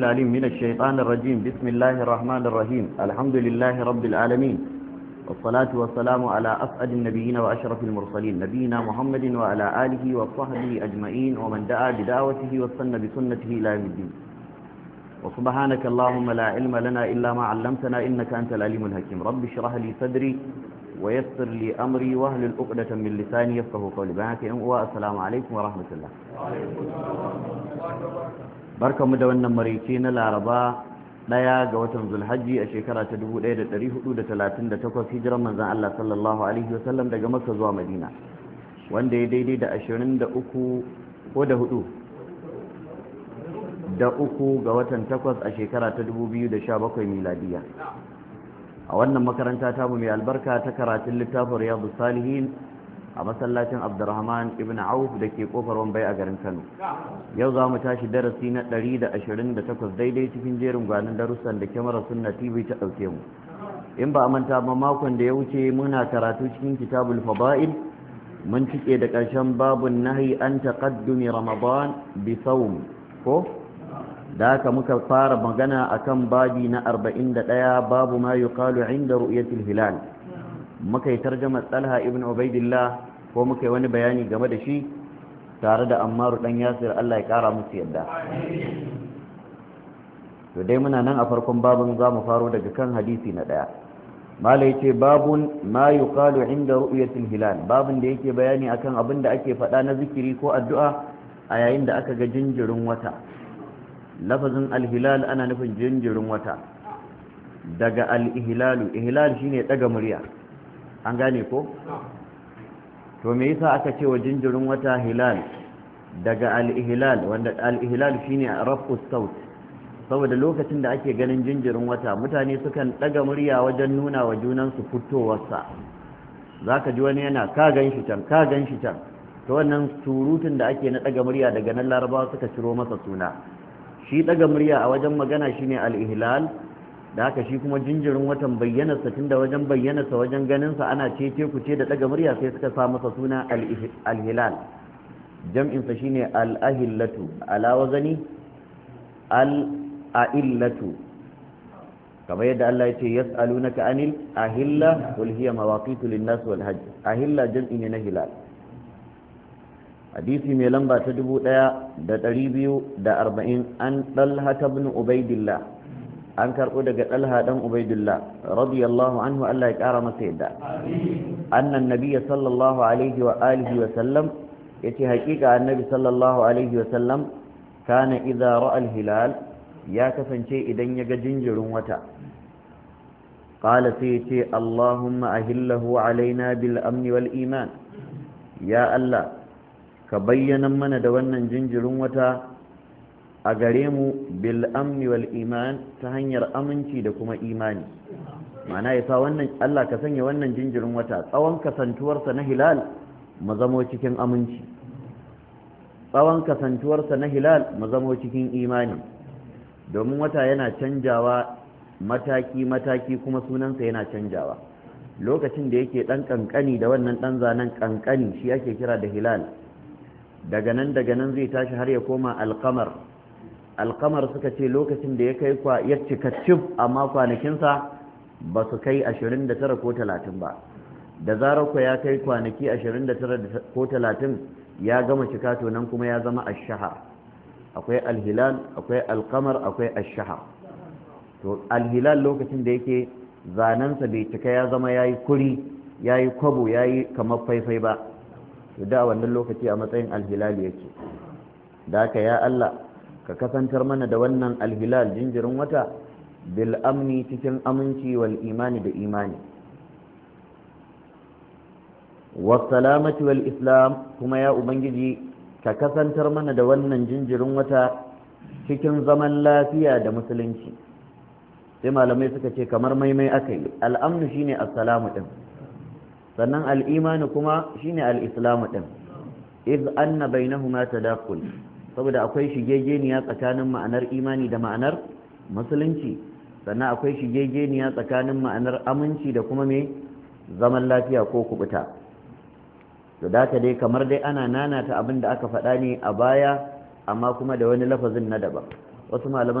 العليم من الشيطان الرجيم بسم الله الرحمن الرحيم الحمد لله رب العالمين والصلاة والسلام على أسعد النبيين وأشرف المرسلين نبينا محمد وعلى آله وصحبه أجمعين ومن دعا بدعوته واستنى بسنته إلى يوم الدين وسبحانك اللهم لا علم لنا إلا ما علمتنا إنك أنت العليم الحكيم رب اشرح لي صدري ويسر لي أمري وأهل الأقدة من لساني يفقه قولي بانك أم السلام عليكم ورحمة الله وعليكم السلام barkamu da wannan maraice na laraba ɗaya ga watan zulhajji a shekara ta 1438 hijiran manzan Allah sallallahu alaihi wasallam daga maka zuwa madina wanda ya daidai da 23 ko da 4 da uku ga watan takwas a shekara ta 2017 miladiya a wannan makaranta tamu mai albarka ta karatun littafin riyadu salihin a masallacin abdurrahman ibn auf da ke kofar wambai a garin kano yau za mu tashi darasi na 128 daidai cikin jerin gwanin darussan da kyamarar suna tv ta ɗauke mu in ba a manta ba makon da ya wuce muna karatu cikin kitabul fada'il mun cike da ƙarshen babun nahi an taqaddumi ramadan bi sawm ko da haka muka fara magana akan babi na 41 babu ma yuqalu inda ru'yatil hilal muka yi tarjama Talha ibn Ubaidillah ko muka yi wani bayani game da shi tare da ammaru dan yasir Allah ya kara musu yadda to dai muna nan a farkon babun za mu faro daga kan hadisi na daya mala yace babun ma yuqalu inda ru'yatil hilal babun da yake bayani akan abin da ake faɗa na zikiri ko addu'a a yayin da aka ga jinjirin wata lafazin alhilal ana nufin jinjirin wata daga al-ihlalu ihlal shine daga murya an gane ko to me yasa aka ce wa jinjirin wata hilal daga al-ihlal wanda al-ihlal shine rafu saut saboda lokacin da ake ganin jinjirin wata mutane sukan daga murya wajen nuna wa junan su fitowarsa zaka ji wani yana ka ganshi can ka ganshi can to wannan surutun da ake na daga murya daga nan larabawa suka ciro masa suna shi daga murya a wajen magana shine al-ihlal da haka shi kuma jinjirin watan bayyanarsa tunda wajen bayyanarsa wajen ganin sa ana ce ku ce da daga murya sai suka sa masa suna alhilal jam'insa shine al'ahillatu ala wazani al'a'illatu kamar yadda Allah ya ce yas'alunaka anil ahilla qul hiya mawaqitu lin-nas wal hajj ahilla jam'i ne na hilal hadisi mai lamba ta 1240 an dalha ibn ubaidillah an karɓo daga ɗalha ɗan ubaidullah radiyallahu anhu Allah ya ƙara masa yadda annan nabiyya sallallahu alaihi wa alihi wa sallam yace haƙiƙa annabi sallallahu alaihi wa sallam kana iza ra'al hilal ya kasance idan ya ga jinjirin wata qala sai yace allahumma ahillahu alaina bil amni wal iman ya Allah ka bayyana mana da wannan jinjirin wata a gare mu bil amni wal iman ta hanyar aminci da kuma imani mana ya sa wannan Allah ka sanya wannan jinjirin wata tsawon kasantuwarsa na hilal mu zamo cikin aminci tsawon kasantuwarsa na hilal mu zamo cikin imani domin wata yana canjawa mataki mataki kuma sunansa yana canjawa lokacin da yake dan kankani da wannan dan zanen kankani shi ake kira da hilal daga nan daga nan zai tashi har ya koma alkamar alkamar suka ce lokacin da ya kai kwa ya cika cif amma kwanakinsa ba su kai 29 ko 30 ba da zarar ku ya kai kwanaki 29 ko 30 ya gama cika to nan kuma ya zama ashahar akwai alhilal akwai alkamar akwai ashahar to alhilal lokacin da yake zanensa bai cika ya zama yayi kuri yayi kwabo yayi kamar faifai ba to da wannan lokaci a matsayin alhilal yake da haka ya Allah ka kasantar mana da wannan alhilal jinjirin wata bil amni cikin aminci wal imani da imani wasalamati wal islam kuma ya ubangiji ka kasantar mana da wannan jinjirin wata cikin zaman lafiya da musulunci sai malamai suka ce kamar maimai aka yi al'amnu shine assalamu din sannan al'imani kuma shine al'islamu din iz anna bainahuma dakul. saboda akwai shigegeniya tsakanin ma'anar imani da ma'anar musulunci sannan akwai shigegeniya tsakanin ma'anar aminci da kuma mai zaman lafiya ko kubuta to da dai kamar dai ana nanata abin da aka faɗa ne a baya amma kuma da wani lafazin na daban wasu malaman